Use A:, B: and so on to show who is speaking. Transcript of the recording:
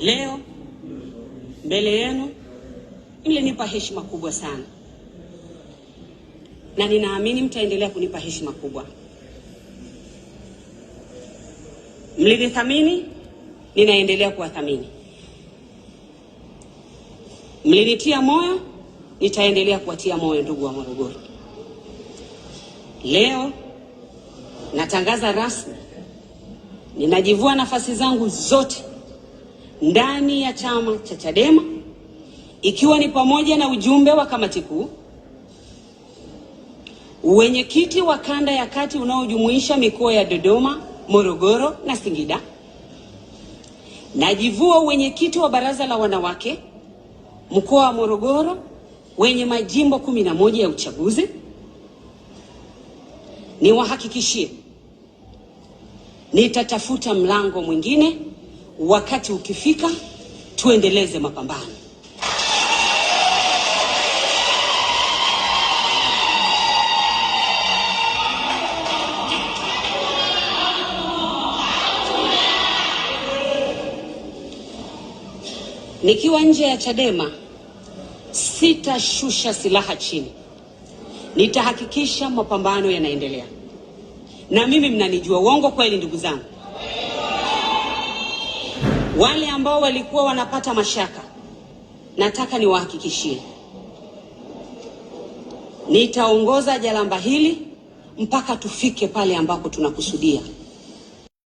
A: Leo mbele yenu mlinipa heshima kubwa sana, na ninaamini mtaendelea kunipa heshima kubwa. Mlinithamini, ninaendelea kuwathamini. Mlinitia moyo, nitaendelea kuwatia moyo ndugu wa Morogoro. Leo natangaza rasmi ninajivua nafasi zangu zote ndani ya chama cha Chadema ikiwa ni pamoja na ujumbe wa kamati kuu, wenyekiti wa kanda ya kati unaojumuisha mikoa ya Dodoma, Morogoro na Singida. Najivua wenyekiti wa baraza la wanawake mkoa wa Morogoro wenye majimbo kumi na moja ya uchaguzi. Niwahakikishie nitatafuta mlango mwingine wakati ukifika tuendeleze mapambano. Nikiwa nje ya Chadema sitashusha silaha chini, nitahakikisha mapambano yanaendelea. Na mimi mnanijua, uongo kweli, ndugu zangu? Wale ambao walikuwa wanapata mashaka, nataka niwahakikishie, nitaongoza jalamba hili mpaka tufike pale ambapo tunakusudia.